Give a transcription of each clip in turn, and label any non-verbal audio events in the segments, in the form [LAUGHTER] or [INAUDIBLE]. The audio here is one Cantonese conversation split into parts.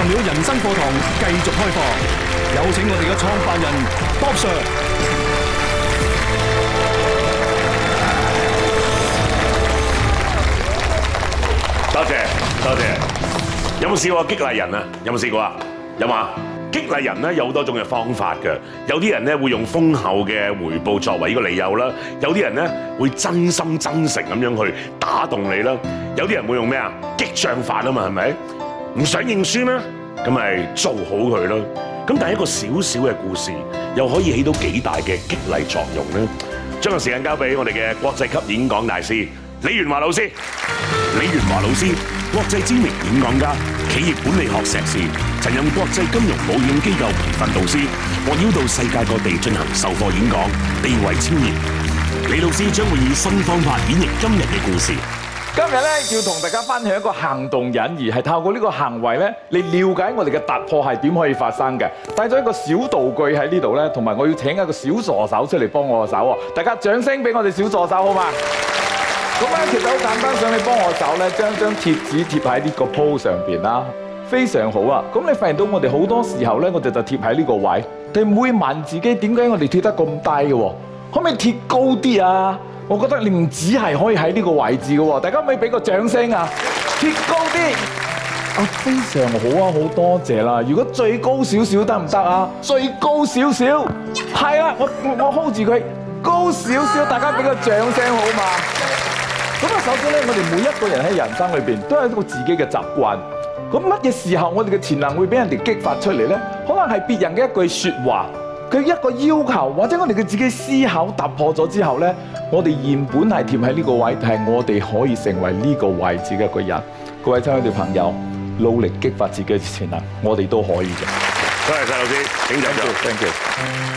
十秒人生課堂繼續開課，有請我哋嘅創辦人 Bob Sir。多謝多謝。謝謝。有冇試過激勵人啊？有冇試過啊？有冇啊？激勵人咧有好多種嘅方法㗎，有啲人咧會用豐厚嘅回報作為呢個理由啦，有啲人咧會真心真誠咁樣去打動你啦，有啲人會用咩啊激將法啊嘛，係咪？唔想認輸咩？咁咪做好佢咯。咁但係一個小小嘅故事，又可以起到幾大嘅激勵作用呢。將個時間交俾我哋嘅國際級演講大師李元華老師。李元華老師，國際知名演講家，企業管理學碩士，曾任國際金融保險機構培訓導師，獲邀到世界各地進行授課演講，地位超然。李老師將會以新方法演繹今日嘅故事。今日咧要同大家分享一個行動隱喻，係透過呢個行為咧，嚟了解我哋嘅突破係點可以發生嘅。帶咗一個小道具喺呢度咧，同埋我要請一個小助手出嚟幫我手。大家掌聲俾我哋小助手好嘛？咁咧、嗯，其實好簡單，想你幫我手咧，將張貼紙貼喺呢個鋪上邊啦。非常好啊！咁你發現到我哋好多時候咧，我哋就貼喺呢個位，你唔會問自己點解我哋貼得咁低嘅，可唔可以貼高啲啊？我覺得你唔止係可以喺呢個位置嘅喎，大家可唔可以俾個掌聲啊？貼高啲，啊，非常好啊，好多謝啦！如果最高少少得唔得啊？最高少少，係啊 Yeah.，我我 hold 住佢高少少，Yeah. 大家俾個掌聲好嘛？咁啊，首先咧，我哋每一個人喺人生裏面都有一個自己嘅習慣。咁乜嘢時候我哋嘅潛能會俾人哋激發出嚟咧？可能係別人嘅一句說話。佢一個要求，或者我哋嘅自己思考突破咗之後呢，我哋原本係貼喺呢個位，但係我哋可以成為呢個位置嘅一個人。各位親愛嘅朋友，努力激發自己嘅潛能，我哋都可以嘅。多謝晒老師，頸頂住，thank you。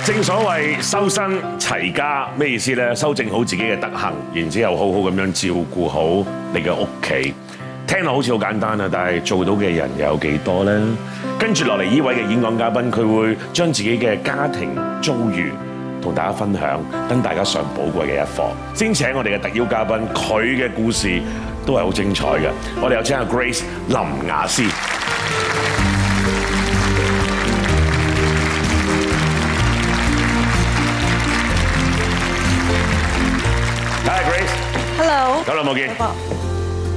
謝謝謝謝，正所謂修身齊家，咩意思呢？修正好自己嘅德行，然之後好好咁樣照顧好你嘅屋企。聽落好似好簡單啊，但係做到嘅人又有幾多咧？跟住落嚟呢位嘅演講嘉賓，佢會將自己嘅家庭遭遇同大家分享，等大家上寶貴嘅一課。先請我哋嘅特邀嘉賓，佢嘅故事都係好精彩嘅。我哋有請阿 Grace 林雅詩。Hi Grace。Hello。好耐冇見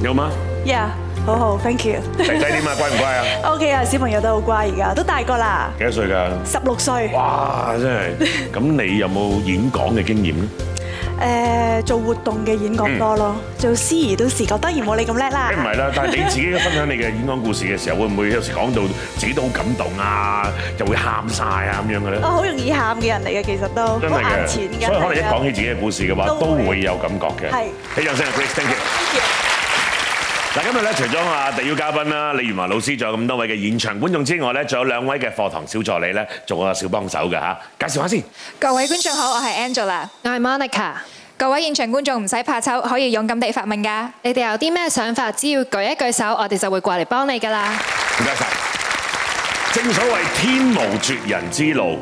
你好嗎？yeah，好好，thank you。仔仔點啊？乖唔乖啊？OK 啊，小朋友都好乖，而家都大個啦。幾多歲㗎？十六歲。哇，真係。咁你有冇演講嘅經驗咧？誒，做活動嘅演講多咯，做司儀嗰時，當然冇你咁叻啦。唔係啦，但係你自己嘅分享，你嘅演講故事嘅時候，會唔會有時講到自己都好感動啊，就會喊曬啊咁樣嘅咧？我好容易喊嘅人嚟嘅，其實都。真係嘅，所以可能一講起自己嘅故事嘅話，都會有感覺嘅。係，起掌聲，please，thank you。嗱，今日咧除咗啊特邀嘉賓啦，李元華老師，仲有咁多位嘅現場觀眾之外咧，仲有兩位嘅課堂小助理咧，做個小幫手嘅嚇。介紹下先。各位觀眾好，我係 Angela，我係 Monica。各位現場觀眾唔使怕醜，可以勇敢地發問噶。你哋有啲咩想法，只要舉一舉手，我哋就會過嚟幫你噶啦。唔該晒，正所謂天無絕人之路，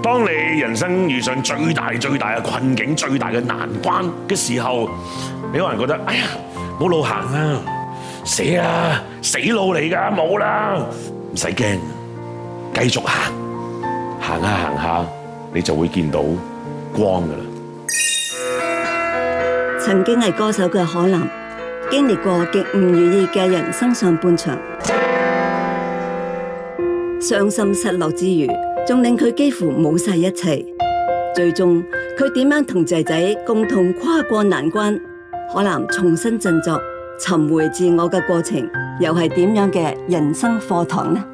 當你人生遇上最大最大嘅困境、最大嘅難關嘅時候，你可能覺得，哎呀，冇路行啊！死啊！死路嚟噶，冇啦！唔使驚，繼續行，行下行下，你就會見到光噶啦。曾經係歌手嘅可嵐，經歷過極唔如意嘅人生上半場，傷心失落之餘，仲令佢幾乎冇晒一切。最終，佢點樣同仔仔共同跨過難關？可嵐重新振作。尋回自我嘅過程，又係點樣嘅人生課堂呢？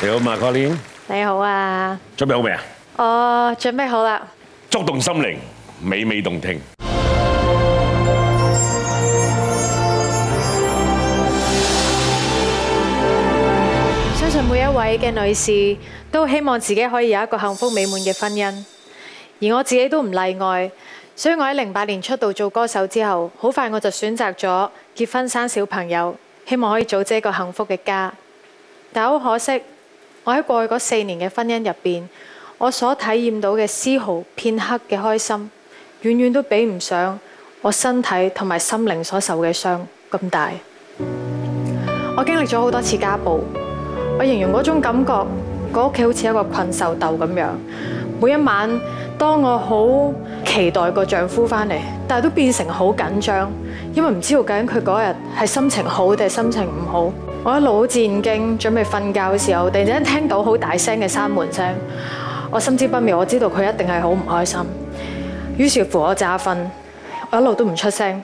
你好，可嵐。你好啊。準備好未啊？哦，準備好了。觸動心靈，娓娓動聽。每一位嘅女士都希望自己可以有一個幸福美滿嘅婚姻，而我自己都唔例外。所以我喺零八年出道做歌手之後，好快我就選擇咗結婚生小朋友，希望可以組織一個幸福嘅家。但好可惜，我喺過去嗰四年嘅婚姻入邊，我所體驗到嘅絲毫片刻嘅開心，遠遠都比唔上我身體同埋心靈所受嘅傷咁大。我經歷咗好多次家暴。我形容嗰種感覺，個屋企好似一個困獸鬥咁樣。每一晚，當我好期待個丈夫翻嚟，但係都變成好緊張，因為唔知道究竟佢嗰日係心情好定係心情唔好。我一路好戰驚，準備瞓覺嘅時候，突然間聽到好大聲嘅閂門聲，我心知不妙，我知道佢一定係好唔開心。於是乎，我詐瞓，我一路都唔出聲。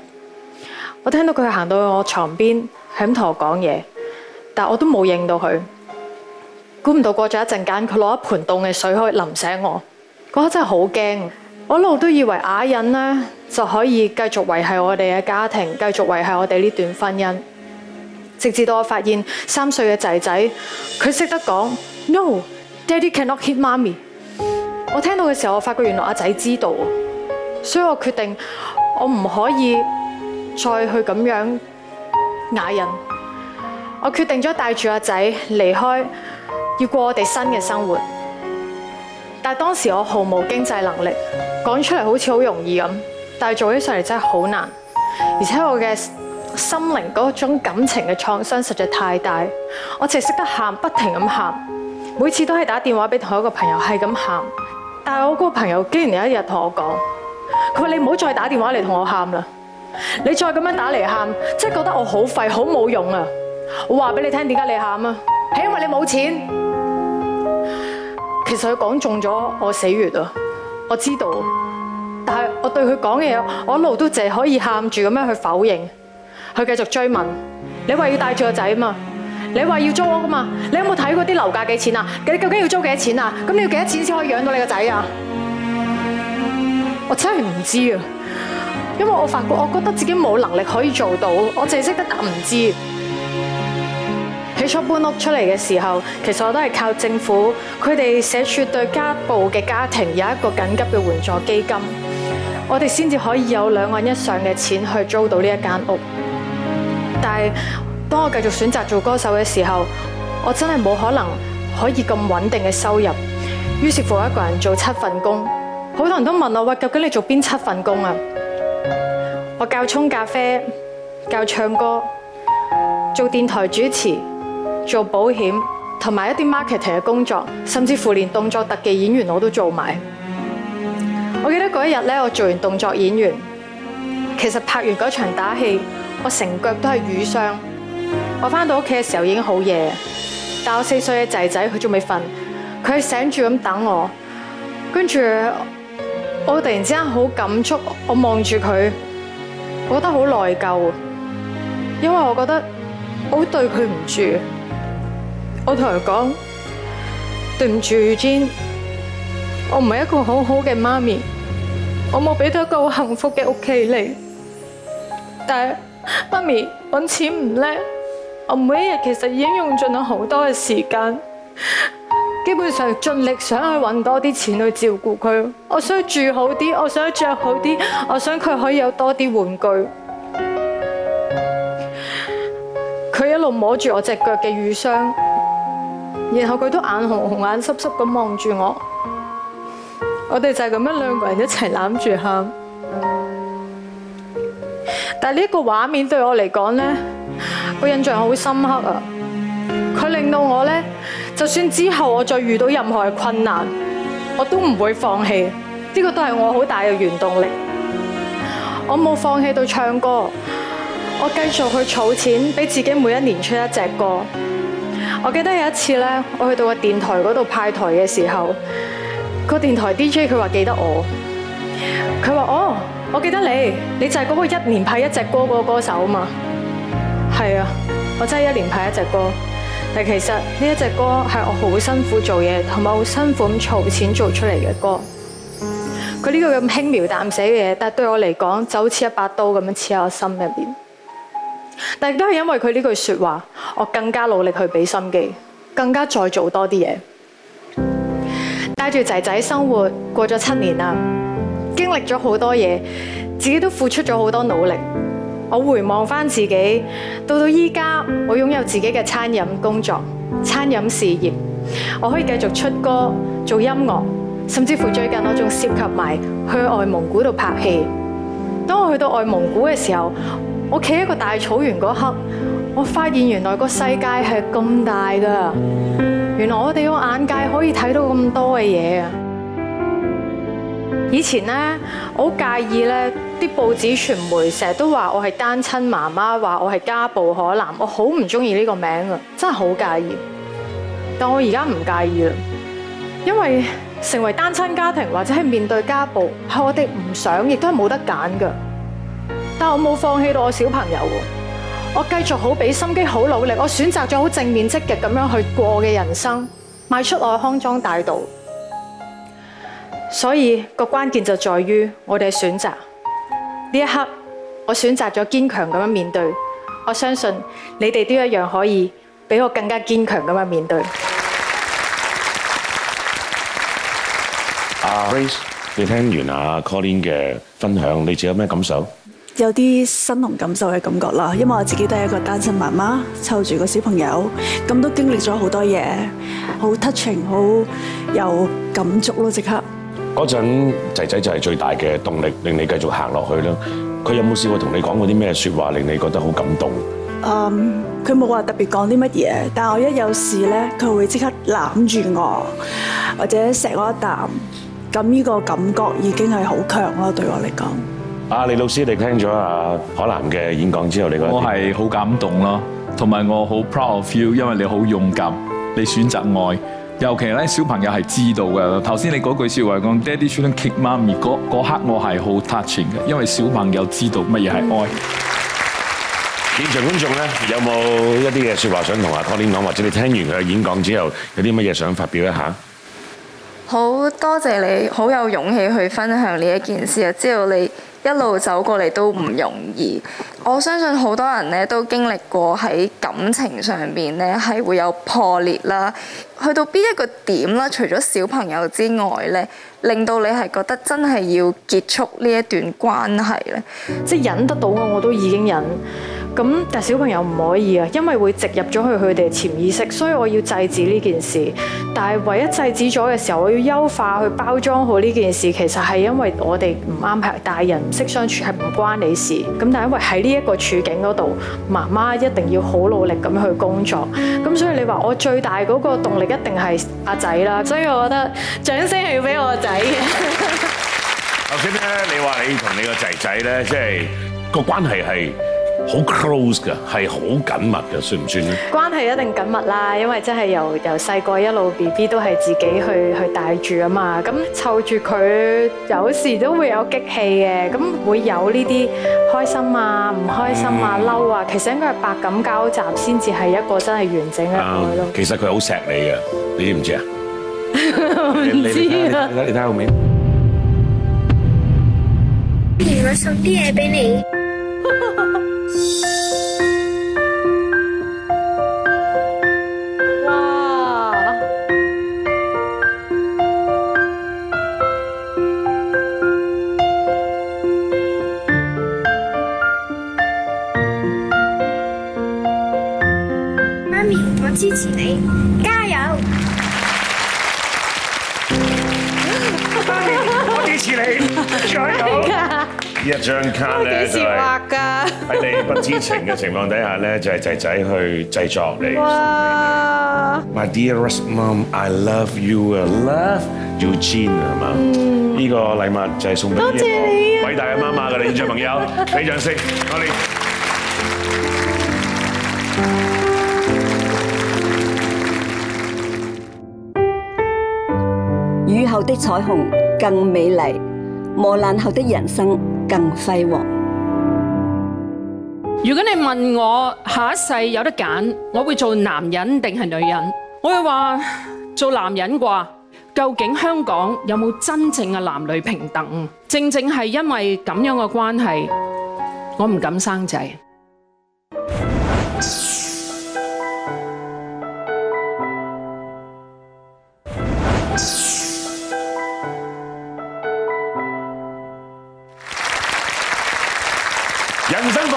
我聽到佢行到我床邊，係咁同我講嘢，但我都冇應到佢。估唔到過咗一陣間，佢攞一盆凍嘅水可以淋醒我，嗰刻真係好驚。我一路都以為啞忍呢就可以繼續維係我哋嘅家庭，繼續維係我哋呢段婚姻，直至到我發現三歲嘅仔仔佢識得講 no，daddy cannot keep hit 媽咪。我聽到嘅時候，我發覺原來阿仔知道，所以我決定我唔可以再去咁樣啞忍。我決定咗帶住阿仔離開。要過我哋新嘅生活，但係當時我毫無經濟能力，講出嚟好似好容易咁，但係做起上嚟真係好難，而且我嘅心靈嗰種感情嘅創傷實在太大，我淨係識得喊，不停咁喊，每次都係打電話俾同一個朋友係咁喊，但係我嗰個朋友竟然有一日同我講，佢話你唔好再打電話嚟同我喊啦，你再咁樣打嚟喊，真係覺得我好廢好冇用啊！我話俾你聽點解你喊啊？係因為你冇錢。其實佢講中咗我死穴啊。我知道，但係我對佢講嘅嘢，我一路都淨係可以喊住咁樣去否認。佢繼續追問，你話要帶住個仔嘛？你話要租屋噶嘛？你有冇睇過啲樓價幾錢啊？究竟要租幾多錢啊？咁你要幾多錢先可以養到你個仔啊？我真係唔知啊，因為我發覺，我覺得自己冇能力可以做到，我淨係識得答唔知。起初搬屋出嚟嘅時候，其實我都是靠政府，佢哋社署對家暴嘅家庭有一個緊急嘅援助基金，我哋先至可以有兩萬以上嘅錢去租到呢一間屋。但係當我繼續選擇做歌手嘅時候，我真係冇可能可以咁穩定嘅收入。於是乎，我一個人做七份工，好多人都問我話：究竟你做邊七份工啊？我教沖咖啡，教唱歌，做電台主持。做保險同埋一啲 marketing 嘅工作，甚至乎連動作特技演員我都做埋。我記得嗰一日咧，我做完動作演員，其實拍完嗰場打戲，我成腳都係瘀傷。我翻到屋企嘅時候已經好夜，但我四歲嘅仔仔佢仲未瞓，佢醒住咁等我。跟住我突然之間好感觸，我望住佢，我覺得好內疚，因為我覺得我好對佢唔住。我同佢講，對唔住先，我唔係一個好好嘅媽咪，我冇俾到一個好幸福嘅屋企嚟。但係媽咪搵錢唔叻，我每一日其實已經用盡咗好多嘅時間，基本上盡力想去搵多啲錢去照顧佢。我想住好啲，我想着好啲，我想佢可以有多啲玩具。佢一路摸住我隻腳嘅瘀傷。然後佢都眼紅紅眼濕濕咁望住我，我哋就係咁樣兩個人一齊攬住喊。但呢一個畫面對我嚟講，呢個印象好深刻啊！佢令到我呢，就算之後我再遇到任何嘅困難，我都唔會放棄。呢、這個都係我好大嘅原動力。我冇放棄到唱歌，我繼續去儲錢，俾自己每一年出一隻歌。我記得有一次呢，我去到個電台嗰度派台嘅時候，個電台 DJ 佢話記得我，佢話：哦，我記得你，你就係嗰個一年派一隻歌嗰個歌手啊嘛。係啊，我真係一年派一隻歌，但其實呢一隻歌係我好辛苦做嘢同埋好辛苦咁籌錢做出嚟嘅歌。佢呢個咁輕描淡寫嘅嘢，但係對我嚟講，就好似一把刀咁樣刺喺我心入邊。但亦都係因為佢呢句說話，我更加努力去俾心機，更加再做多啲嘢。帶住仔仔生活過咗七年啦，經歷咗好多嘢，自己都付出咗好多努力。我回望翻自己，到到依家，我擁有自己嘅餐飲工作、餐飲事業，我可以繼續出歌、做音樂，甚至乎最近我仲涉及埋去外蒙古度拍戲。當我去到外蒙古嘅時候，我企喺個大草原嗰刻，我發現原來個世界係咁大㗎。原來我哋個眼界可以睇到咁多嘅嘢。以前呢，我好介意呢啲報紙傳媒成日都話我係單親媽媽，話我係家暴。可嵐，我好唔中意呢個名啊，真係好介意。但我而家唔介意啦，因為成為單親家庭或者係面對家暴係我哋唔想，亦都係冇得揀㗎。但係我冇放棄到我小朋友，我繼續好俾心機，好努力，我選擇咗好正面積極咁樣去過我嘅人生，邁出我嘅康莊大道。所以個關鍵就在於我哋嘅選擇。呢一刻，我選擇咗堅強咁樣面對。我相信你哋都一樣可以俾我更加堅強咁樣面對。阿 Grace，你聽完阿 Colin 嘅分享，你自己有咩感受？有啲身同感受嘅感覺啦，因為我自己都係一個單身媽媽，湊住個小朋友，咁都經歷咗好多嘢，好 touching，好有感觸咯，即刻那。嗰陣仔仔就係最大嘅動力，令你繼續行落去啦。佢有冇試過同你講過啲咩説話，令你覺得好感動？嗯，佢冇話特別講啲乜嘢，但我一有事呢，佢會即刻攬住我，或者錫我一啖，咁呢個感覺已經係好強啦，對我嚟講。阿李老師，你聽咗阿可嵐嘅演講之後，你覺得我係好感動咯，同埋我好 proud of you，因為你好勇敢，你選擇愛。尤其咧，小朋友係知道嘅。頭先你嗰句説話講，Daddy trying to keep mommy 嗰刻，我係好 touching 嘅，因為小朋友知道乜嘢係愛。現、嗯、場觀眾咧，有冇一啲嘅説話想同阿 Tony 講，或者你聽完佢嘅演講之後，有啲乜嘢想發表一下？好多謝，謝你，好有勇氣去分享呢一件事啊！知道你。一路走過嚟都唔容易，我相信好多人咧都經歷過喺感情上邊咧係會有破裂啦。去到邊一個點啦？除咗小朋友之外咧，令到你係覺得真係要結束呢一段關係咧，即係忍得到嘅我都已經忍。咁但小朋友唔可以啊，因為會植入咗去佢哋潛意識，所以我要制止呢件事。但係唯一制止咗嘅時候，我要優化去包裝好呢件事，其實係因為我哋唔啱，係大人唔識相處係唔關你事。咁但係因為喺呢一個處境嗰度，媽媽一定要好努力咁去工作。咁所以你話我最大嗰個動力一定係阿仔啦，所以我覺得掌聲係要俾我仔嘅。 [LAUGHS] 頭先咧，你話你同你個仔仔咧，即係個關係係。好 close 㗎，係好緊密㗎，算唔算咧？關係一定緊密啦，因為真係由由細個一路 B B 都係自己去去帶住啊嘛，咁湊住佢有時都會有激氣嘅，咁會有呢啲開心啊、唔開心啊、嬲啊，其實應該係百感交集先至係一個真係完整嘅愛咯。其實佢好錫你嘅，你知唔知啊？唔知啦。你睇後面。你我送啲嘢俾你。哇！媽咪，我支持你，加油！媽咪，我支持你，加油！ [LAUGHS] 一張卡咧就係喺你不知情嘅情況底下咧，就係仔仔去製作你。My dearest mom, I love you, love you, Jean，係嘛？呢個禮物就係送俾偉大嘅媽媽嘅啦，現場朋友，畀掌聲，多謝。雨後的彩虹更美麗，磨難後的人生。更輝煌。如果你問我下一世有得揀，我會做男人定係女人？我會話做男人啩，究竟香港有冇真正嘅男女平等？正正係因為咁樣嘅關係，我唔敢生仔。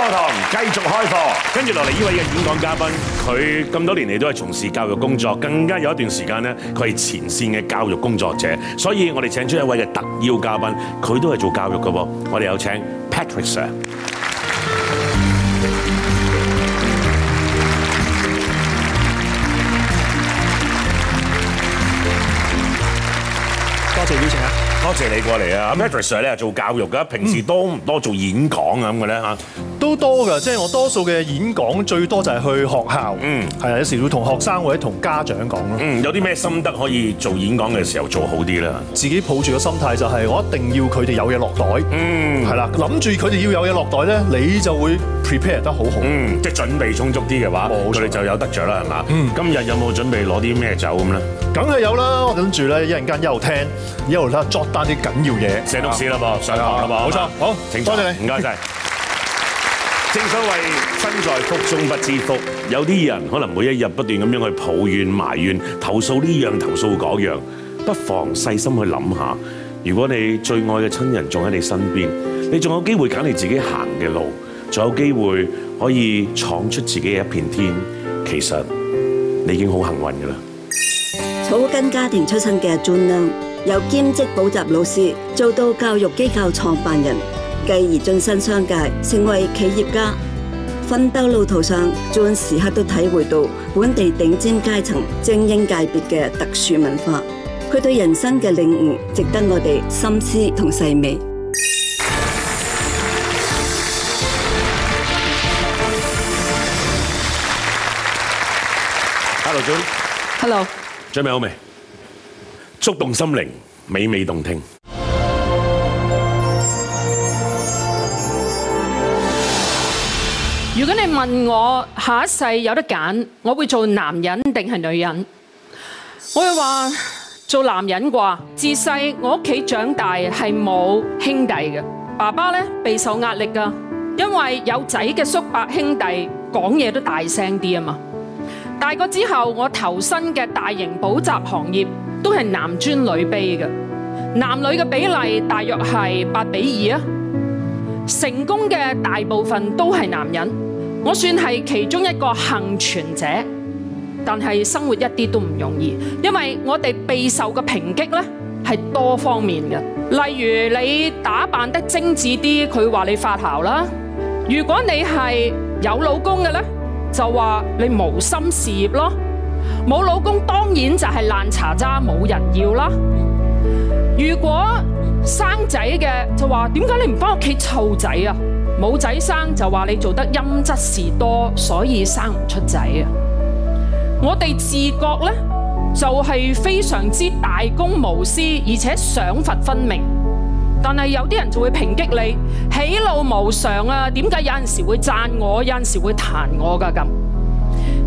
課堂繼續開課，跟住落嚟呢位嘅演講嘉賓，佢咁多年嚟都係從事教育工作，更加有一段時間呢佢係前線嘅教育工作者，所以我哋請出一位嘅特邀嘉賓，佢都係做教育㗎噃，我哋有請 Patrick Sir，多謝邀請啊。多謝，謝你過嚟啊 Patrick Sir 咧做教育嘅，平時多唔、mm. 多做演講咁嘅咧嚇？都多嘅，即係我多數嘅演講最多就係去學校，嗯，係啊，有時候會同學生或者同家長講咯。Mm. 嗯，有啲咩心得可以做演講嘅時候做好啲咧？自己抱住個心態就係我一定要佢哋有嘢落袋，嗯、mm.，係啦，諗住佢哋要有嘢落袋咧，你就會 prepare 得好好，嗯，mm. 即係準備充足啲嘅話，佢哋就有得着啦，係嘛？嗯，mm. 今日有冇準備攞啲咩走咁咧？梗係有啦，我諗住咧，一陣間一路聽，一路作，帶啲緊要嘢，寫到史啦噃，上台啦噃，冇錯，好，請坐，多謝你，唔該晒，正所謂身在福中不知福，有啲人可能每一日不斷咁樣去抱怨、埋怨、投訴呢樣投訴嗰樣，不妨細心去諗下。如果你最愛嘅親人仲喺你身邊，你仲有機會揀你自己行嘅路，仲有機會可以闖出自己嘅一片天。其實你已經好幸運㗎啦。草根家庭出身嘅阿尊由兼職補習老師做到教育機構創辦人，繼而晉身商界，成為企業家。奮鬥路途上，張時刻都體會到本地頂尖階層精英界別嘅特殊文化。佢對人生嘅領悟，值得我哋深思同細味。Hello，John Hello。Hello。準備好未？觸動心靈，美美動聽。如果你問我下一世有得揀，我會做男人定係女人？我會話做男人啩。自細我屋企長大係冇兄弟嘅，爸爸呢備受壓力噶，因為有仔嘅叔伯兄弟講嘢都大聲啲啊嘛。大個之後，我投身嘅大型補習行業，都係男尊女卑嘅，男女嘅比例大約係八比二啊。成功嘅大部分都係男人，我算係其中一個倖存者，但係生活一啲都唔容易，因為我哋備受嘅抨擊呢係多方面嘅。例如你打扮得精緻啲，佢話你發姣啦；如果你係有老公嘅呢，就話你無心事業咯。冇老公當然就係爛茶渣冇人要啦。如果生仔嘅就話，點解你唔翻屋企湊仔啊？冇仔生就話你做得陰騭事多，所以生唔出仔啊。我哋自覺呢，就係、是、非常之大公無私，而且賞罰分明。但係有啲人就會抨擊你喜怒無常啊，點解有陣時會贊我，有陣時會彈我噶咁？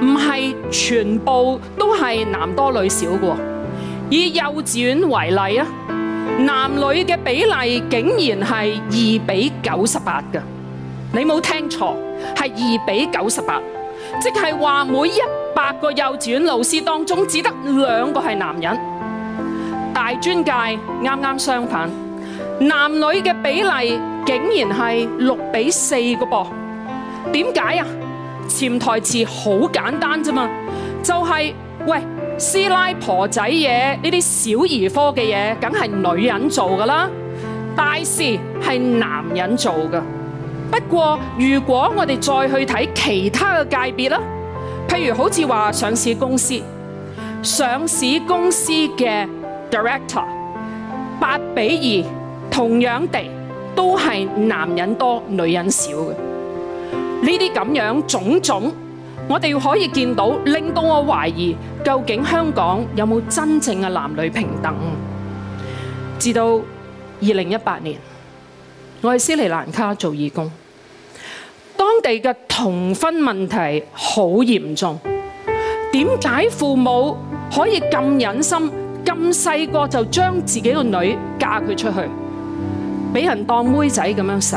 唔係全部都係男多女少嘅。以幼稚園為例啊，男女嘅比例竟然係二比九十八嘅，你冇聽錯，係二比九十八，即係話每一百個幼稚園老師當中只得兩個係男人。大專界啱啱相反，男女嘅比例竟然係六比四個噃，點解啊？潛台詞好簡單啫嘛，就係喂，師奶婆仔嘢呢啲小兒科嘅嘢，梗係女人做㗎啦，大事係男人做㗎。不過如果我哋再去睇其他嘅界別啦，譬如好似話上市公司，上市公司嘅 director 八比二，同樣地都係男人多女人少嘅。呢啲咁樣種種，我哋可以見到，令到我懷疑究竟香港有冇真正嘅男女平等。直到二零一八年，我喺斯里蘭卡做義工，當地嘅童婚問題好嚴重。點解父母可以咁忍心咁細個就將自己個女嫁佢出去，俾人當妹仔咁樣使？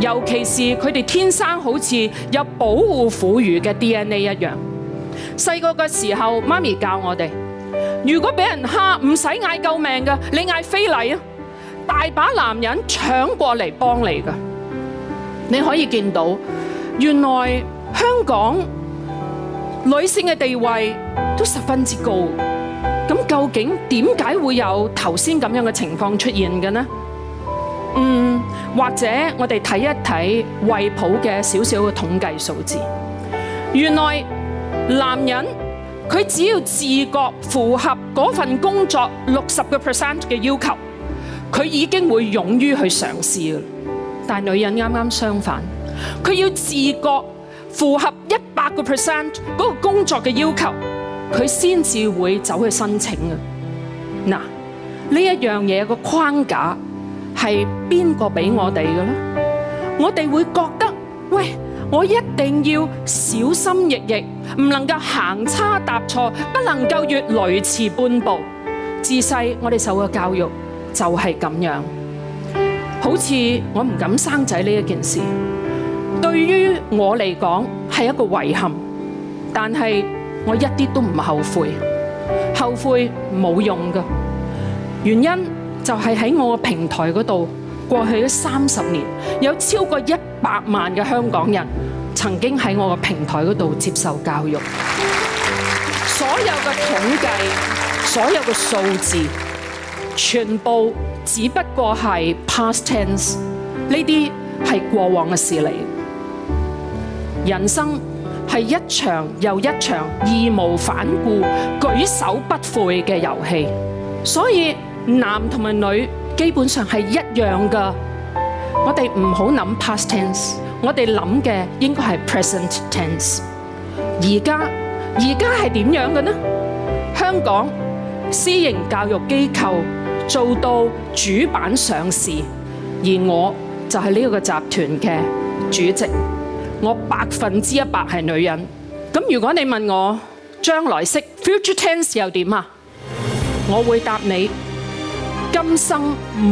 尤其是佢哋天生好似有保護婦孺嘅 DNA 一樣。細個嘅時候，媽咪教我哋：如果俾人蝦，唔使嗌救命㗎，你嗌非禮啊！大把男人搶過嚟幫你㗎。你可以見到，原來香港女性嘅地位都十分之高。咁究竟點解會有頭先咁樣嘅情況出現嘅呢？嗯。或者我哋睇一睇惠普嘅少少嘅統計數字，原來男人佢只要自覺符合嗰份工作六十個 percent 嘅要求，佢已經會勇於去嘗試嘅，但女人啱啱相反，佢要自覺符合一百個 percent 嗰個工作嘅要求，佢先至會走去申請嘅，嗱，呢一樣嘢個框架。係邊個俾我哋嘅呢？我哋會覺得喂，我一定要小心翼翼，唔能夠行差踏錯，不能夠越雷池半步。自細我哋受嘅教育就係咁樣，好似我唔敢生仔呢一件事，對於我嚟講係一個遺憾，但係我一啲都唔後悔，後悔冇用噶，原因。就係喺我個平台嗰度，過去咗三十年，有超過一百萬嘅香港人曾經喺我個平台嗰度接受教育。所有嘅統計，所有嘅數字，全部只不過係 past tense，呢啲係過往嘅事嚟。人生係一場又一場義無反顧、舉手不悔嘅遊戲，所以。男同埋女基本上係一樣，噶，我哋唔好諗 past tense，我哋諗嘅應該係 present tense。而家而家係點樣嘅呢？香港私營教育機構做到主板上市，而我就係呢個集團嘅主席我，我百分之一百係女人。咁如果你問我將來式 future tense 又點啊？我會答你。今生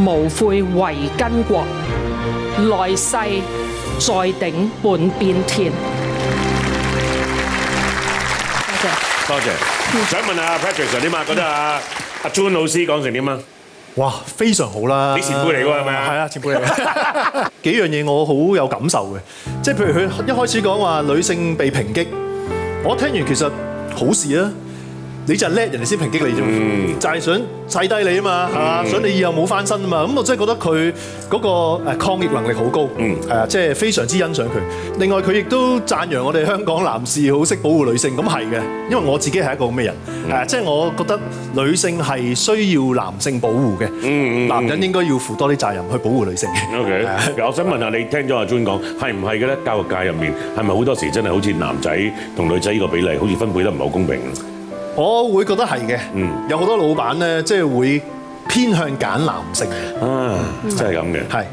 無悔為巾幗，來世再頂半邊天。多謝，謝，多謝，謝。 [MUSIC] 想問下 Patrick Sir 點啊？覺得阿阿 Joan 老師講成點啊？哇，非常好啦！你前輩嚟噶，係咪啊？係啊，前輩嚟。 [LAUGHS] 幾樣嘢我好有感受嘅，即係譬如佢一開始講話女性被抨擊，我聽完其實好事啊。你就叻，人哋先抨擊你啫、嗯、就係想砌低你啊嘛，係嘛、嗯？想你以後冇翻身啊嘛，咁我真係覺得佢嗰個抗逆能力好高，即係、嗯、非常之欣賞佢。另外佢亦都讚揚我哋香港男士好識保護女性，咁係嘅，因為我自己係一個咁嘅人，即係、嗯、我覺得女性係需要男性保護嘅，嗯嗯、男人應該要負多啲責任去保護女性嘅。OK，的 [LAUGHS] 我想問下你聽咗阿 Jun 講係唔係嘅咧？教育界入面係咪好多時真係好似男仔同女仔呢個比例好似分配得唔係好公平？我會覺得係嘅，有好多老闆咧，即係會偏向揀男性嘅，啊，真係咁嘅，係，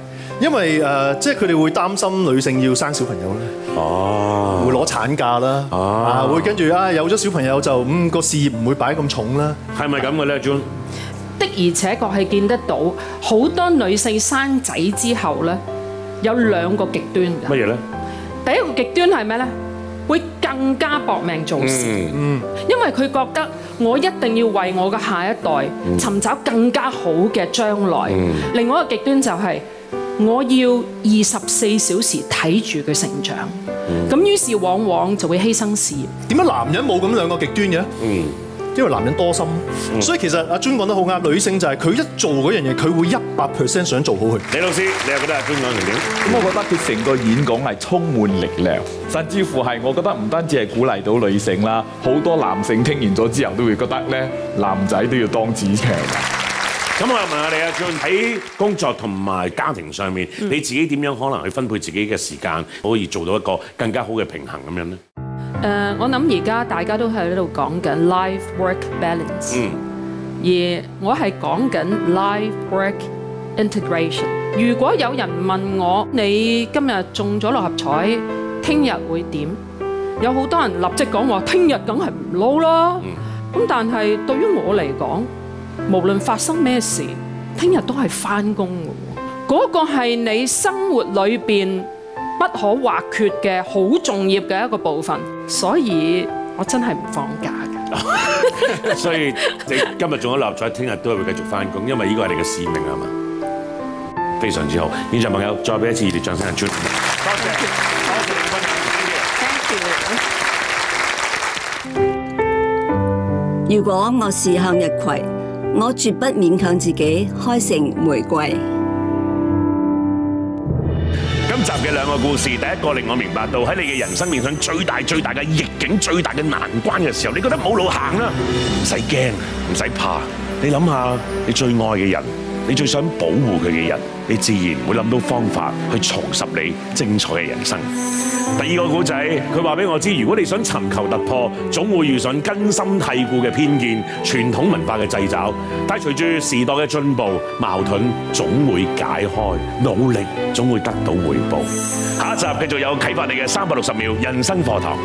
因為誒，即係佢哋會擔心女性要生小朋友咧，哦，會攞產假啦，啊，會跟住啊，有咗小朋友就咁個事業唔會擺咁重啦，係咪咁嘅咧，John？的而且確係見得到，好多女性生仔之後咧，有兩個極端，乜嘢咧？第一個極端係咩咧？更加搏命做事，因為佢覺得我一定要為我嘅下一代尋找更加好嘅將來。另外一個極端就係我要二十四小時睇住佢成長，咁於是往往就會犧牲事業。點解男人冇咁兩個極端嘅？嗯因為男人多心，嗯、所以其實阿 Jun 講得好啱。女性就係佢一做嗰樣嘢，佢會一百 percent 想做好佢。李老師，你又覺得阿 Jun 講成點？咁、嗯、我覺得佢成個演講係充滿力量，甚至乎係我覺得唔單止係鼓勵到女性啦，好多男性聽完咗之後都會覺得咧，男仔都要當自強。咁、嗯、我又問下你，阿 Jun 喺工作同埋家庭上面，你自己點樣可能去分配自己嘅時間，可以做到一個更加好嘅平衡咁樣咧？誒，我諗而家大家都係喺度講緊 life-work balance，而我係講緊 life-work integration。如果有人問我：你今日中咗六合彩，聽日會點？有好多人立即講話：聽日梗係唔撈啦。咁但係對於我嚟講，無論發生咩事，聽日都係返工㗎。嗰個係你生活裏邊，不可或缺嘅好重要嘅一個部分，所以我真係唔放假嘅。 [LAUGHS] 所以你今日仲有立咗，聽日都係會繼續翻工，因為呢個係你嘅使命啊嘛，非常之好。現場朋友再俾一次熱烈掌聲啊！多謝，多謝。如果我是向日葵，我絕不勉強自己開成玫瑰。今集嘅兩個故事，第一個令我明白到喺你嘅人生面上最大最大嘅逆境，最大嘅難關嘅時候，你覺得冇路行啦，唔使驚，唔使怕，你諗下你最愛嘅人。你最想保護佢嘅人，你自然會諗到方法去重拾你精彩嘅人生。第二個古仔，佢話俾我知，如果你想尋求突破，總會遇上根深蒂固嘅偏見、傳統文化嘅掣肘，但係隨住時代嘅進步，矛盾總會解開，努力總會得到回報。下一集繼續有啟發你嘅三百六十秒人生課堂。